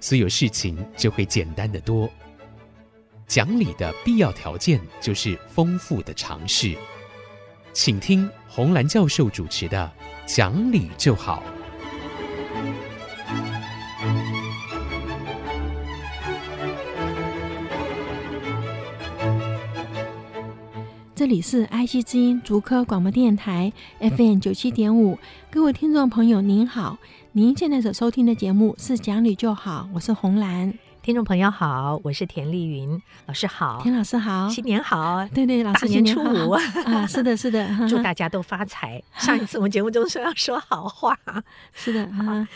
所有事情就會簡單得多。講理的必要條件就是豐富的常識，請聽洪蘭教授主持的《講理就好》。這裡是 IC 之音竹科廣播電台 FM 九七點五，各位聽眾朋友您好，您現在所收聽的節目是講理就好，我是洪蘭。聽眾朋友好，我是田麗雲。老師好，田老師好，新年好，對對。老師年初五年年、啊，是的，是的。啊、祝大家都發財。啊、上一次我們節目中說要說好話，是的。啊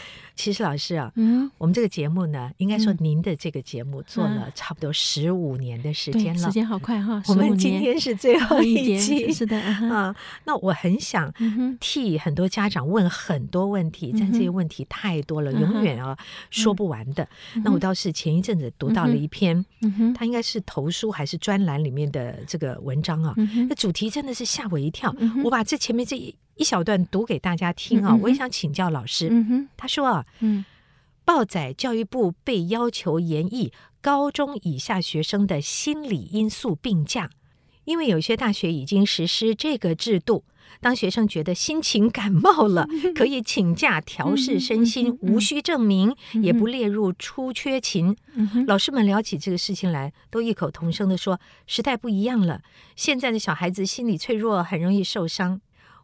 其實老師啊，嗯，我們這個節目呢，應該說您的這個節目做了差不多十五年的時間了，時間好快哈。十五年。我們今天是最後一期，是的啊。那我很想替很多家長問很多問題，但這些問題太多了，永遠啊說不完的。那我倒是前一陣子讀到了一篇，它應該是投書還是專欄裡面的這個文章啊，那主題真的是嚇我一跳。我把這前面這一。一小段讀給大家聽啊、哦！我也想請教老師。他說啊，嗯，報載說、嗯、教育部被要求研議高中以下學生的心理因素病假，因為有些大學已經實施這個制度。當學生覺得心情感冒了，可以請假調試身心，嗯、哼無需證明，嗯、哼也不列入出缺勤。嗯、哼老師們聊起這個事情來，都異口同聲地說：時代不一樣了，現在的小孩子心理脆弱，很容易受傷。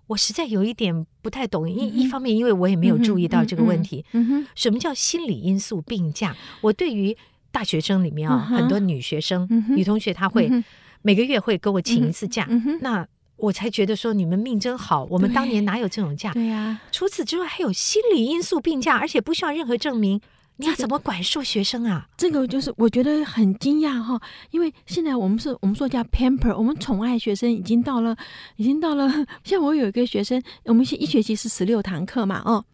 我實在有一點不太懂，一一方面，因為我也沒有注意到這個問題，嗯嗯嗯、什麼叫心理因素病假？我對於大學生裡面啊、哦，嗯、哼很多女學生、嗯、哼女同學，她會、嗯、哼每個月會跟我請一次假，嗯嗯、那我才覺得說，你們命真好，我們當年哪有這種假？對呀，對啊、除此之外還有心理因素病假，而且不需要任何證明。你要怎麼管束學生啊？這個，這個就是我覺得很驚訝哈，因為現在我們是我們說叫 pamper，我們寵愛學生已經到了，已經到了。像我有一個學生，我們一學期是十六堂課嘛，哦，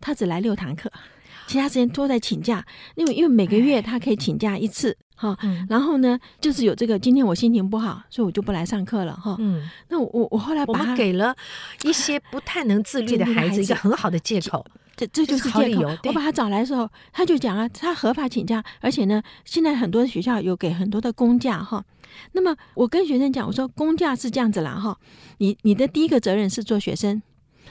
他只來六堂課，其他時間都在請假。因為因為每個月他可以請假一次哈。哎。然後呢，就是有這個今天我心情不好，所以我就不來上課了哈。哦。嗯。那我我後來把他我給了一些不太能自律的孩子一個很好的借口。這這就是借口。我把他找來的時候，他就講啊，他合法請假，而且呢，現在很多學校有給很多的公假哈。那麼我跟學生講，我說公假是這樣子啦哈，你你的第一個責任是做學生。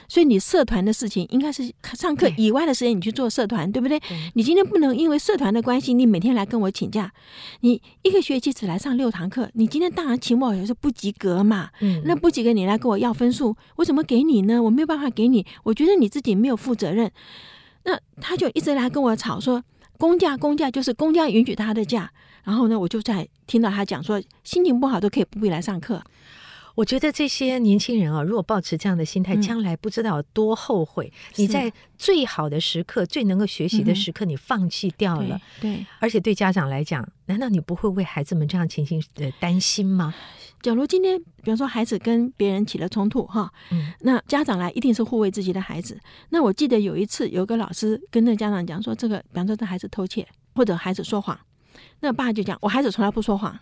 所以你社團的事情應該是上課以外的時間，你去做社團，嗯、對不對？你今天不能因為社團的關係，你每天來跟我請假。你一個學期只來上六堂課，你今天當然期末也是不及格嘛。嗯、那不及格你來跟我要分數，我怎麼給你呢？我沒有辦法給你。我覺得你自己沒有負責任。那他就一直來跟我吵說，公假，公假就是公假，允許他的假。然後呢，我就在聽到他講說，心情不好都可以不必來上課。我覺得這些年輕人啊，如果保持這樣的心態，嗯、將來不知道多後悔。是你在最好的時刻、最能夠學習的時刻，嗯、你放棄掉了。對，對，而且對家長來講，難道你不會為孩子們這樣情形的擔心嗎？假如今天，比方說孩子跟別人起了衝突，哈，嗯，那家長來一定是護衛自己的孩子。那我記得有一次，有個老師跟那家長講說，這個，比方說這孩子偷竊或者孩子說謊，那爸就講，我孩子從來不說謊。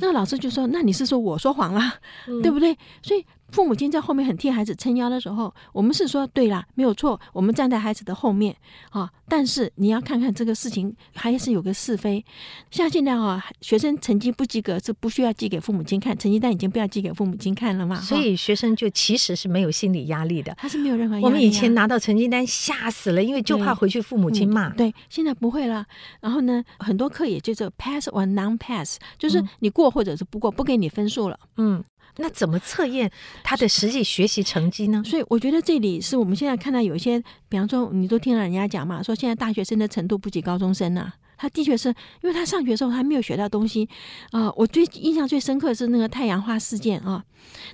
那老師就說：“那你是說我說謊了，啊，嗯，對不對？”所以。父母親在後面很替孩子撐腰的時候，我們是說對了，沒有錯，我們站在孩子的後面啊。但是你要看看這個事情還是有個是非。像現在啊，學生成績不及格是不需要寄給父母親看，成績單已經不要寄給父母親看了嘛。啊、所以學生就其實是沒有心理壓力的。他是沒有任何壓力、啊。我們以前拿到成績單嚇死了，因為就怕回去父母親罵、嗯。對，現在不會了。然後呢，很多課也就是 pass or non pass，就是你過或者是不過，嗯、不給你分數了。嗯。那怎麼測驗他的實際學習成績呢？所以我覺得這裡是我們現在看到有一些，比方說你都聽到人家講嘛，說現在大學生的程度不及高中生呢、啊，他的確是，因為他上學時候他沒有學到東西啊、呃。我最印象最深刻的是那個太陽花事件啊，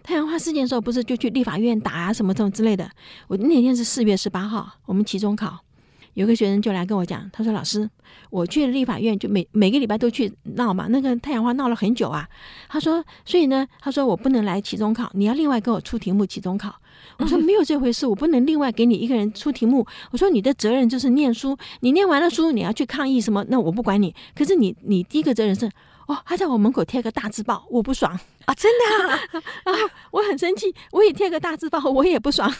太陽花事件的時候不是就去立法院打啊什麼這種之類的。我那天是四月十八號，我們期中考。有個學生就來跟我講，他說：“老師，我去立法院，就每每個禮拜都去鬧嘛。那個太陽花鬧了很久啊。他說，所以呢，他說我不能來期中考，你要另外給我出題目期中考。我說、嗯、哼沒有這回事，我不能另外給你一個人出題目。我說你的責任就是念書，你念完了書，你要去抗議什麼？那我不管你。可是你，你第一個責任是，哦，他在我門口貼個大字報，我不爽啊，真的啊， 啊，我很生氣，我也貼個大字報，我也不爽。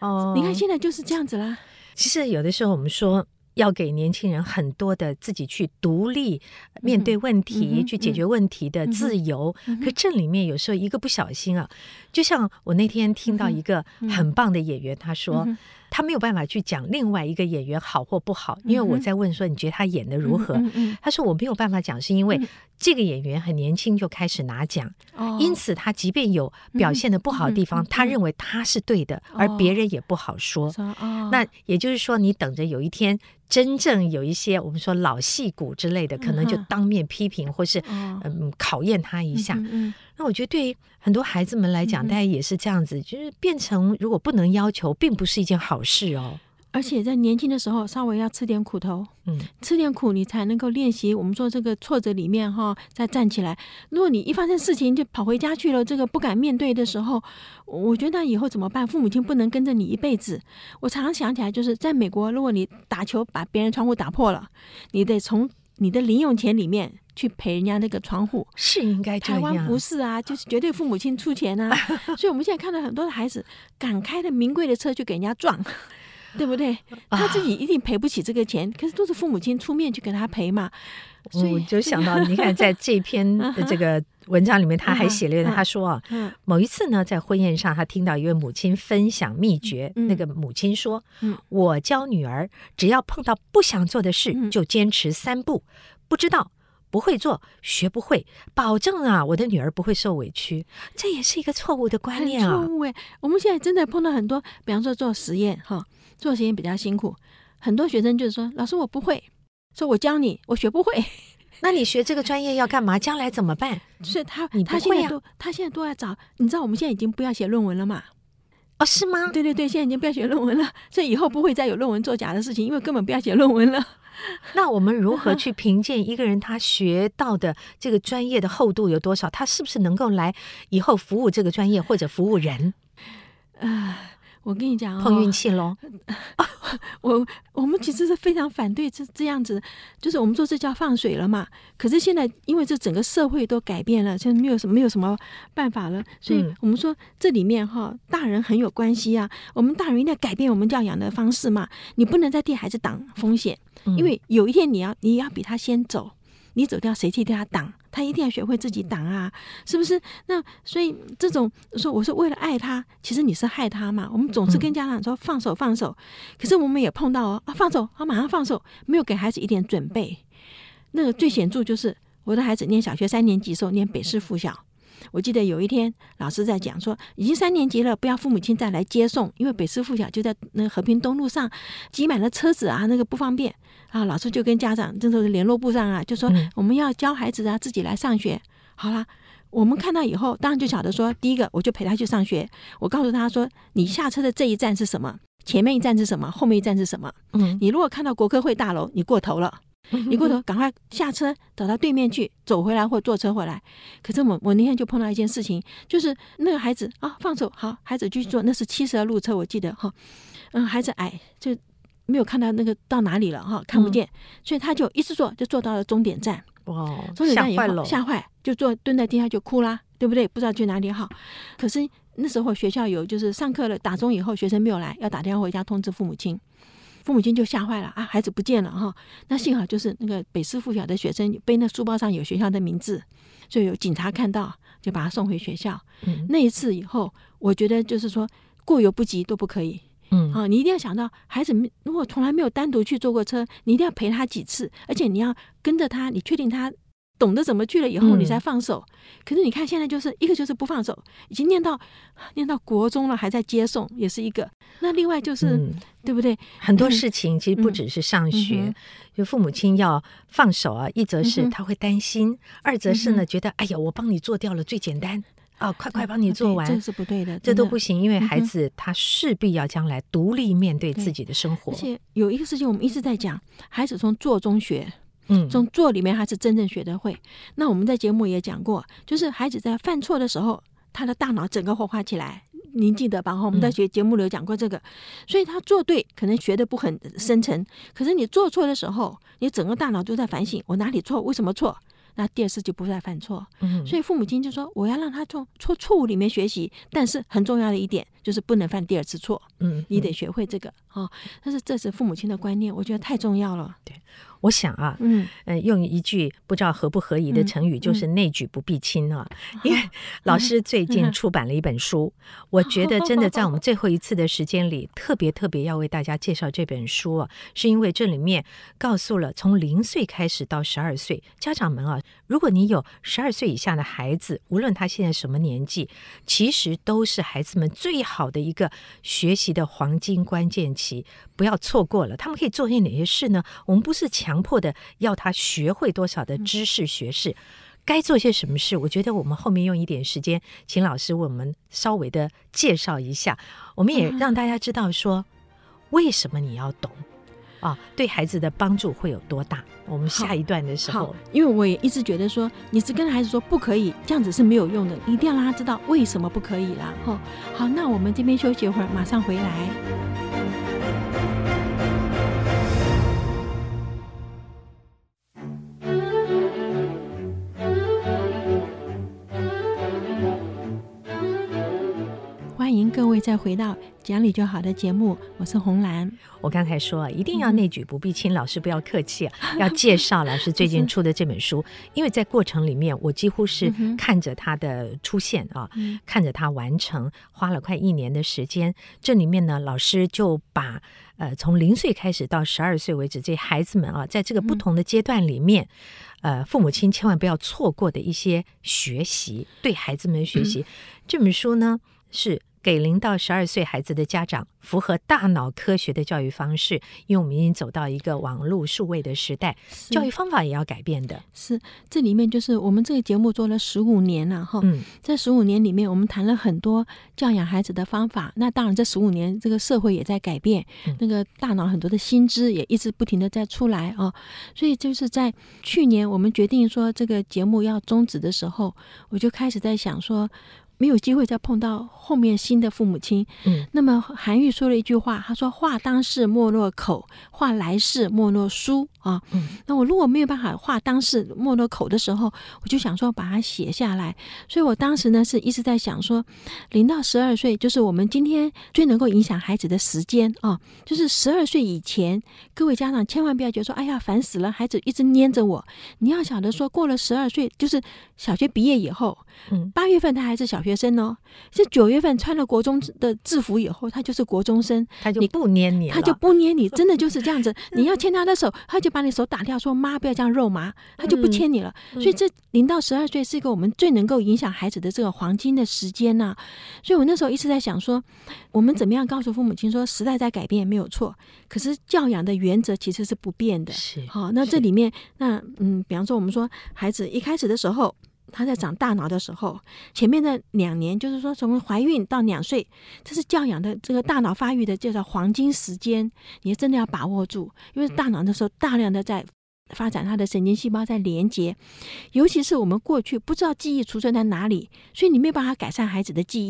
哦，你看現在就是這樣子啦。”其實有的時候，我們說要給年輕人很多的自己去獨立、嗯、哼面對問題、嗯、哼去解決問題的自由，嗯、哼可這裡面有時候一個不小心啊，嗯、哼就像我那天聽到一個很棒的演員他說，嗯他沒有辦法去講另外一個演員好或不好，因為我在問說你覺得他演的如何？嗯嗯嗯嗯、他說我沒有辦法講，是因為這個演員很年輕就開始拿獎，嗯、因此他即便有表現的不好的地方，嗯嗯嗯嗯、他認為他是對的，嗯、而別人也不好說。哦、那也就是說，你等着有一天真正有一些我們說老戲骨之類的，嗯、哼可能就當面批評或是、哦、嗯考驗他一下。嗯那我覺得，對於很多孩子們來講，大家也是這樣子，嗯、就是變成如果不能要求，並不是一件好事哦。而且在年輕的時候，稍微要吃點苦頭，嗯，吃點苦，你才能夠練習。我們說這個挫折裡面哈，再站起來。如果你一發生事情就跑回家去了，這個不敢面對的時候，我覺得以後怎麼辦？父母親不能跟着你一輩子。我常常想起來，就是在美國，如果你打球把別人窗戶打破了，你得從你的零用錢裡面。去賠人家那個窗戶，是應該這樣，台灣不是啊，就是絕對父母親出錢啊， 所以我們現在看到很多的孩子敢開的名貴的車去給人家撞， 對不對？他自己一定賠不起這個錢， 可是都是父母親出面去給他賠嘛。所以我就想到，你看在這篇的這個文章裡面，他還寫了，他說啊，某一次呢，在婚宴上，他聽到一位母親分享秘訣，嗯、那個母親說：“嗯，我教女兒，只要碰到不想做的事，嗯、就堅持三步，不知道。”不會做，學不會，保證啊！我的女兒不會受委屈，這也是一個錯誤的觀念啊！錯誤誒，我們現在真的碰到很多，比方說做實驗哈，做實驗比較辛苦，很多學生就是說，老師我不會，說我教你，我學不會，那你學這個專業要幹嘛？ 將來怎麼辦？是他，你不會啊、他現在都，他現在都要找，你知道我們現在已經不要寫論文了嘛？哦，是嗎？對對對，現在已經不要寫論文了，所以以後不會再有論文作假的事情，因為根本不要寫論文了。 那我們如何去評鑑一個人他學到的這個專業的厚度有多少？他是不是能夠來以後服務這個專業或者服務人？啊、呃。我跟你講，哦，碰運氣嘍，哦！我我們其實是非常反對這這樣子，就是我們說這叫放水了嘛。可是現在因為這整個社會都改變了，就沒有什麼沒有什麼辦法了。所以，我們說這裡面哈，大人很有關係啊，我們大人一定要改變我們教養的方式嘛。你不能再替孩子擋風險，因為有一天你要你要比他先走，你走掉誰替他擋？他一定要學會自己擋啊，是不是？那所以這種說，我說為了愛他，其實你是害他嘛。我們總是跟家長說放手放手，可是我們也碰到哦啊放手啊馬上放手，沒有給孩子一點準備。那個最顯著就是我的孩子念小學三年級時候，念北師附小。我記得有一天，老師在講說，已經三年級了，不要父母親再來接送，因為北師附小就在那個和平東路上，擠滿了車子啊，那個不方便啊。老師就跟家長，就是聯絡簿上啊，就說我們要教孩子啊自己來上學。好啦，我們看到以後，當然就曉得說，第一個我就陪他去上學。我告訴他說，你下車的這一站是什麼？前面一站是什麼？後面一站是什麼？嗯，你如果看到國科會大樓，你過頭了。 你過頭，趕快下車，走到對面去走回來，或坐車回來。可是我我那天就碰到一件事情，就是那個孩子啊、哦，放手好，孩子繼續坐，那是七十二路車，我記得哈、哦。嗯，孩子矮，就沒有看到那個到哪裡了哈、哦，看不見，嗯、所以他就一直坐，就坐到了終點站。哇，嚇壞了，嚇壞，就坐蹲在地下就哭啦，對不對？不知道去哪裡好、哦，可是那時候學校有，就是上課了打鐘以後，學生沒有來，要打電話回家通知父母親。父母親就嚇壞了啊，孩子不見了哈，哦！那幸好就是那個北師附小的學生背那書包上有學校的名字，就有警察看到就把他送回學校。嗯，那一次以後，我覺得就是說過猶不及都不可以。嗯，啊，你一定要想到孩子如果從來沒有單獨去坐過車，你一定要陪他幾次，而且你要跟着他，你確定他。懂得怎麼去了以後，你才放手。嗯、可是你看，現在就是一個就是不放手，已經念到念到國中了，還在接送，也是一個。那另外就是，嗯、對不對？很多事情其實不只是上學，嗯嗯、就父母親要放手啊。一則是他會擔心，嗯、哼二則是呢、嗯、哼覺得哎呀，我幫你做掉了最簡單、嗯、哼啊，快快幫你做完，okay, 這是不對的，這都不行，的因為孩子他勢必要將來獨立面對自己的生活、嗯。而且有一個事情我們一直在講，孩子從做中學。嗯，從做裡面他是真正學的會。那我們在節目也講過，就是孩子在犯錯的時候，他的大腦整個活化起來。您記得吧？我們在學節目裡有講過這個。所以他做對，可能學的不很深沉；可是你做錯的時候，你整個大腦都在反省，我哪裡錯，為什麼錯？那第二次就不再犯錯。所以父母親就說，我要讓他從錯錯誤裡面學習。但是很重要的一點。就是不能犯第二次錯，嗯，你得學會這個、嗯嗯哦、但是這是父母親的觀念，我覺得太重要了。對，我想啊，嗯、呃，用一句不知道合不合宜的成語，就是“內舉不避親”啊。嗯嗯、因為、嗯、老師最近出版了一本書，嗯、我覺得真的在我們最後一次的時間裡，嗯嗯、特別特別要為大家介紹這本書啊，是因為這裡面告訴了從零歲開始到十二歲，家長們啊，如果你有十二歲以下的孩子，無論他現在什麼年紀，其實都是孩子們最好。好的一個學習的黃金關鍵期，不要錯過了。他們可以做些哪些事呢？我們不是強迫的要他學會多少的知識學識，嗯、哼該做些什麼事？我覺得我們後面用一點時間，請老師為我們稍微的介紹一下，我們也讓大家知道說，為什麼你要懂。嗯哼啊、哦，對孩子的幫助會有多大？我們下一段的時候，好，因為我也一直覺得說，你是跟孩子說不可以，這樣子是沒有用的，一定要讓他知道為什麼不可以了。哦，好，那我們這邊休息一會兒，馬上回來。各位再回到講理就好的節目，我是洪蘭。我剛才說一定要內舉不避親，老師不要客氣、啊，嗯、要介紹老師最近出的這本書。 就是、因為在過程裡面，我幾乎是看着他的出現啊，嗯、看着他完成，花了快一年的時間。這裡面呢，老師就把呃從零歲開始到十二歲為止，這孩子們啊，在這個不同的階段裡面，嗯、呃，父母親千萬不要錯過的一些學習，對孩子們學習，嗯、這本書呢是。給零到十二歲孩子的家長，符合大腦科學的教育方式，因為我們已經走到一個網絡數位的時代，是教育方法也要改變的。是，這裡面就是我們這個節目做了十五年了、啊，哈、嗯，這在十五年裡面，我們談了很多教養孩子的方法。嗯、那當然，這十五年這個社會也在改變，嗯、那個大腦很多的新知也一直不停的在出來啊。所以，就是在去年我們決定說這個節目要終止的時候，我就開始在想說。沒有機會再碰到後面新的父母親，嗯，那麼韓愈說了一句話，他說：“話當世莫若口，話來世莫若書。”啊、哦，那我如果沒有辦法畫當時沒落口的時候，我就想說把它寫下來。所以我當時呢是一直在想說，零到十二歲就是我們今天最能夠影響孩子的時間啊、哦，就是十二歲以前，各位家長千萬不要覺得說，哎呀煩死了，孩子一直粘着我。你要曉得說，過了十二歲就是小學畢業以後，嗯，八月份他還是小學生哦，是九月份穿了國中的制服以後，他就是國中生，他就不粘你，他就不粘你，真的就是這樣子。你要牽他的手，他就。把你手打掉，說媽不要這樣肉麻，他就不牽你了。嗯、所以這零到十二歲是一個我們最能夠影響孩子的這個黃金的時間吶、啊。所以我那時候一直在想說，我們怎麼樣告訴父母親說，時代在改變沒有錯，可是教養的原則其實是不變的。好是、哦，那這裡面是那嗯，比方說我們說孩子一開始的時候。他在長大腦的時候，前面的兩年，就是說從懷孕到兩歲，這是教養的這個大腦發育的叫做黃金時間，你真的要把握住，因為大腦的時候大量的在發展他的神經細胞在連接，尤其是我們過去不知道記憶儲存在哪裡，所以你沒有辦法改善孩子的記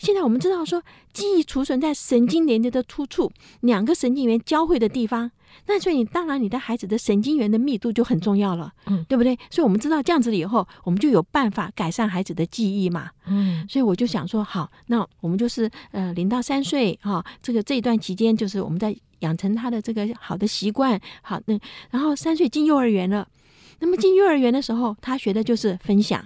憶。現在我們知道說，記憶儲存在神經連接的突觸，兩個神經元交匯的地方。那所以你當然你的孩子的神經元的密度就很重要了，嗯，對不對？嗯、所以我們知道這樣子了以後，我們就有辦法改善孩子的記憶嘛，嗯。所以我就想說，好，那我們就是呃零到三歲哈、哦，這個這一段期間就是我們在養成他的這個好的習慣，好，那、嗯、然後三歲進幼兒園了，那麼進幼兒園的時候，他學的就是分享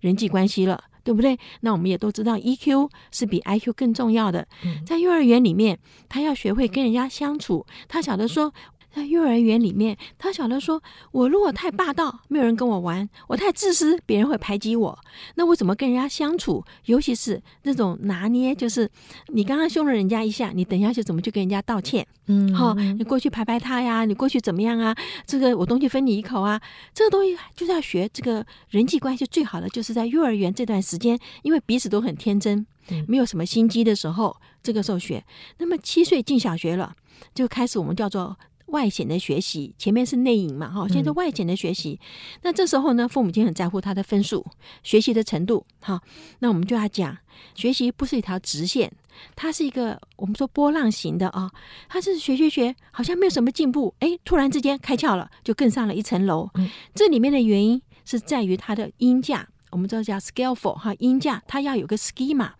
人際關係了。對不對？那我們也都知道，EQ 是比 IQ 更重要的。在幼兒園裡面，他要學會跟人家相處，他曉得說。在幼兒園裡面，他曉得說，我如果太霸道，沒有人跟我玩；我太自私，別人會排擠我。那我怎麼跟人家相處？尤其是那種拿捏，就是你剛剛兇了人家一下，你等下去怎麼去跟人家道歉？嗯，好，你過去拍拍他呀，你過去怎麼樣啊？這個我東西分你一口啊。這個東西就是要學這個人際關係最好的，就是在幼兒園這段時間，因為彼此都很天真，沒有什麼心機的時候，這個時候學。那麼七歲進小學了，就開始我們叫做。外顯的學習，前面是內隱嘛，哈，現在是外顯的學習。嗯、那這時候呢，父母親很在乎他的分數、學習的程度，哈。那我們就要講，學習不是一條直線，它是一個我們說波浪形的啊。他、哦、是學學學，好像沒有什麼進步，誒、欸，突然之間開竅了，就更上了一層樓。嗯、這裡面的原因是在於他的鷹架，我們知道叫 scaffold 哈，鷹架它要有個 schema。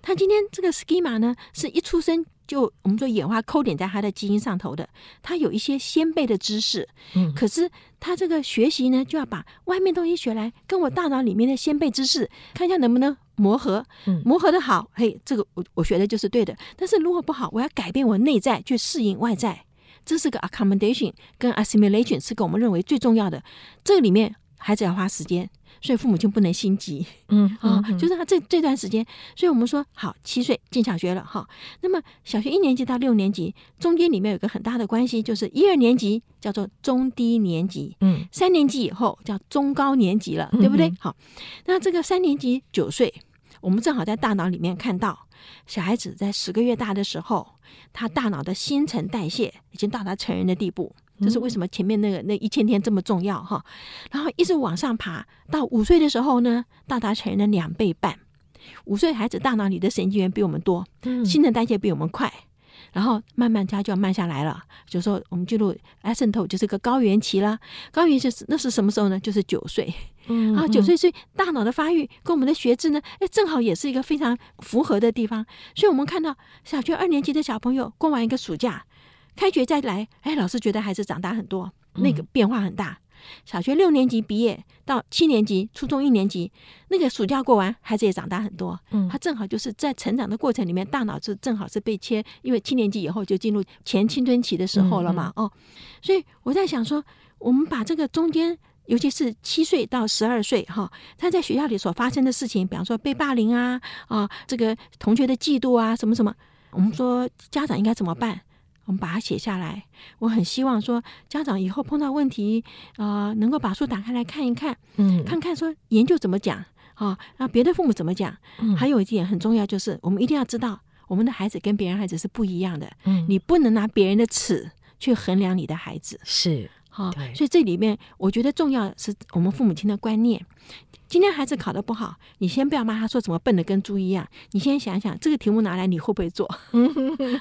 他今天這個 schema 呢，是一出生。就我們說演化摳點在他的基因上頭的，他有一些先輩的知識，嗯，可是他這個學習呢，就要把外面東西學來，跟我大腦裡面的先輩知識看一下能不能磨合，磨合的好，嘿，這個我我學的就是對的。但是如果不好，我要改變我內在去適應外在，這是個 accommodation 跟 assimilation，是個我們認為最重要的。這裡面。孩子要花時間，所以父母親不能心急。 嗯哼哼，啊、哦，就是他這這段時間，所以我們說，好，七歲進小學了哈、哦。那麼小學一年級到六年級中間裡面有一個很大的關係，就是一二年級叫做中低年級，嗯，三年級以後叫中高年級了，嗯、哼對不對？好，那這個三年級九歲，我們正好在大腦裡面看到，小孩子在十個月大的時候，他大腦的新陳代謝已經到達成人的地步。這是為什麼前面那個那一千天這麼重要哈？然後一直往上爬，到五歲的時候呢，到達成人的兩倍半。五歲孩子大腦裡的神經元比我們多，新陳代謝比我們快，然後慢慢加就要慢下來了。就是說我們進入哎滲透，就是個高原期了。高原期是那是什麼時候呢？就是九歲。嗯，嗯，然後九歲歲大腦的發育跟我們的學制呢，誒，正好也是一個非常符合的地方。所以我們看到小學二年級的小朋友過完一個暑假。開學再來，哎，老師覺得孩子長大很多，那個變化很大。小學六年級畢業到七年級，初中一年級，那個暑假過完，孩子也長大很多。嗯，他正好就是在成長的過程裡面，大腦是正好是被切，因為七年級以後就進入前青春期的時候了嘛，嗯、哦，所以我在想說，我們把這個中間，尤其是七歲到十二歲哈，他、哦、在學校裡所發生的事情，比方說被霸凌啊，啊、呃，這個同學的嫉妒啊，什麼什麼，我們說家長應該怎麼辦？我們把它寫下來，我很希望說家長以後碰到問題啊、呃，能夠把書打開來看一看，嗯，看看說研究怎麼講啊，那別的父母怎麼講？嗯、還有一點很重要就是，我們一定要知道我們的孩子跟別人孩子是不一樣的，嗯，你不能拿別人的尺去衡量你的孩子，是，好、啊，所以這裡面我覺得重要的是我們父母親的觀念。今天孩子考得不好，你先不要罵他，說怎麼笨得跟豬一樣。你先想想這個題目拿來你會不會做？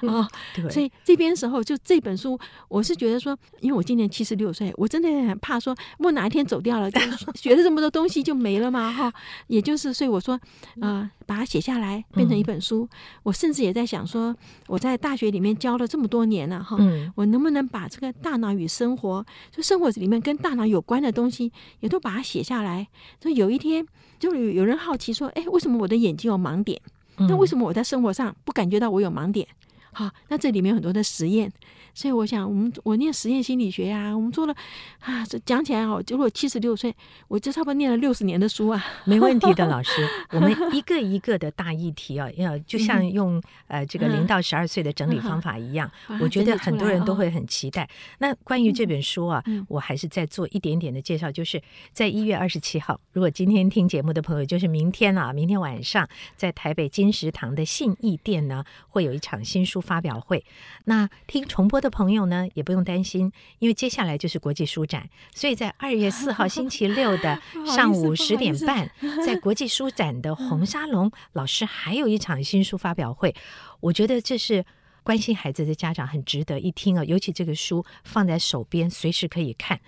哦，所以這邊時候就這本書，我是覺得說，因為我今年七十六歲，我真的很怕說，我哪一天走掉了，學，學了這麼多東西就沒了嘛，哈、哦。也就是所以我說，啊、呃，把它寫下來變成一本書。嗯、我甚至也在想說，我在大學裡面教了這麼多年了、啊，哈、哦，我能不能把這個大腦與生活，就生活裡面跟大腦有關的東西，也都把它寫下來？所以有一天，就有人好奇說：“哎、欸，為什麼我的眼睛有盲點？那為什麼我在生活上不感覺到我有盲點？好、啊，那這裡面有很多的實驗。”所以我想，我們我念實驗心理學呀、啊，我們做了啊，這講起來哦，如果七十六歲，我就差不多念了六十年的書啊，沒問題的，老師。我們一個一個的大議題啊，要 就像用、嗯、呃這個零到十二歲的整理方法一樣，嗯嗯嗯、我覺得很多人都會很期待。啊哦、那關於這本書啊，嗯、我還是再做一點點的介紹，就是在一月二十七號，如果今天聽節目的朋友，就是明天啊，明天晚上在台北金石堂的信義店呢，會有一場新書發表會。那聽重播。的朋友呢，也不用擔心，因為接下來就是國際書展，所以在二月四號星期六的上午十點半， 在國際書展的紅沙龍，老師還有一場新書發表會，我覺得這是。關心孩子的家長很值得一聽啊，哦，尤其這個書放在手邊，隨時可以看。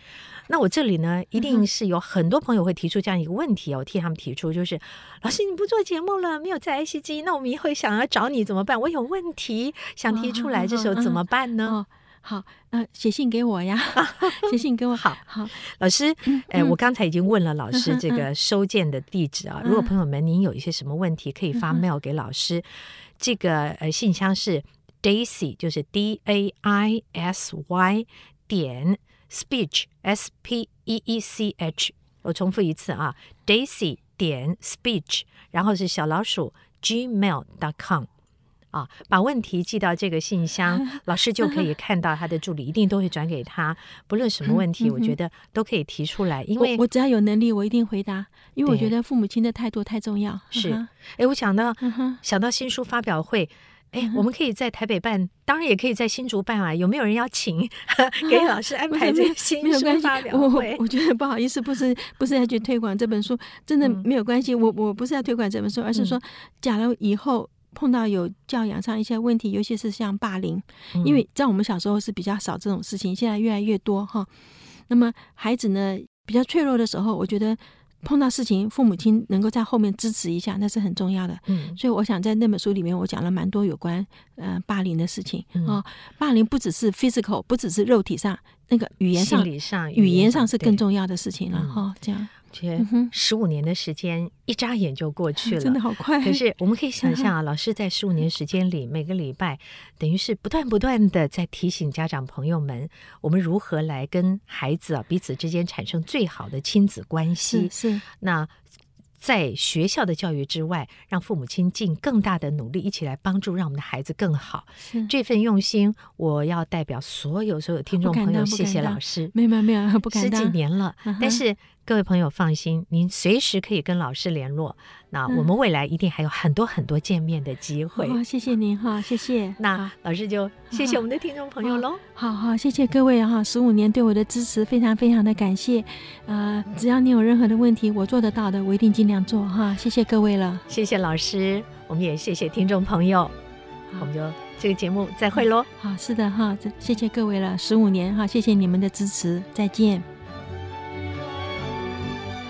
那我這裡呢，一定是有很多朋友會提出這樣一個問題哦，嗯嗯，我替他們提出，就是老師你不做節目了，沒有在 ICG，那我們一會想要找你怎麼辦？我有問題想提出來，這時候怎麼辦呢，哦哦嗯哦？好，呃，寫信給我呀，寫信給我。 好，好，老師，哎，嗯嗯呃，我剛才已經問了老師這個收件的地址啊。如果朋友們您有一些什麼問題，可以發 mail 給老師，嗯嗯，這個呃信箱是。Daisy 就是 D A I S Y 點 Speech S P E E C H，我重複一次啊，Daisy 點 Speech，然後是小老鼠 Gmail.com 啊，把問題寄到這個信箱，老師就可以看到他，的助理 一定都會轉給他，不論什麼問題， 我覺得都可以提出來，因為我，我只要有能力，我一定回答，因為對我覺得父母親的態度太重要。是，哎，我想到 想到新書發表會。哎，我們可以在台北辦，當然也可以在新竹辦啊。有沒有人要請？給老師安排這個新書發表會我？我覺得不好意思，不是不是要去推廣這本書，真的沒有關係。我我不是要推廣這本書，而是說，假如以後碰到有教養上一些問題，尤其是像霸凌，因為在我們小時候是比較少這種事情，現在越來越多哈。那麼孩子呢比較脆弱的時候，我覺得。碰到事情，父母親能夠在後面支持一下，那是很重要的。嗯，所以我想在那本書裡面，我講了蠻多有關呃霸凌的事情啊，嗯，霸凌不只是 physical，不只是肉體上，那個語言上、心理上、語言上是更重要的事情了哈。嗯，哦，這樣。這十五年的時間一眨眼就過去了，嗯啊、真的好快。可是我們可以想象啊，嗯、哼老師在十五年時間裡，嗯、哼每個禮拜等於是不斷不斷的在提醒家長朋友們，我們如何來跟孩子啊、嗯、彼此之間產生最好的親子關係。嗯、是。那在學校的教育之外，讓父母親盡更大的努力，一起來幫助讓我們的孩子更好。是。這份用心，我要代表所有所有聽眾朋友，謝謝老師。哦、沒有沒有，不敢當。十幾年了，嗯、哼但是。各位朋友放心，您隨時可以跟老師聯絡。那我們未來一定還有很多很多見面的機會。嗯哦、謝謝您哈、哦，謝謝。那好老師就謝謝我們的聽眾朋友嘍。好好，好，謝謝各位哈，哦、十五年對我的支持，非常非常的感謝。呃，只要你有任何的問題，我做得到的，我一定盡量做哈、哦。謝謝各位了，謝謝老師，我們也謝謝聽眾朋友。好，我們就這個節目再會嘍、嗯。好，是的哈、哦，謝謝各位了，十五年哈、哦，謝謝你們的支持，再見。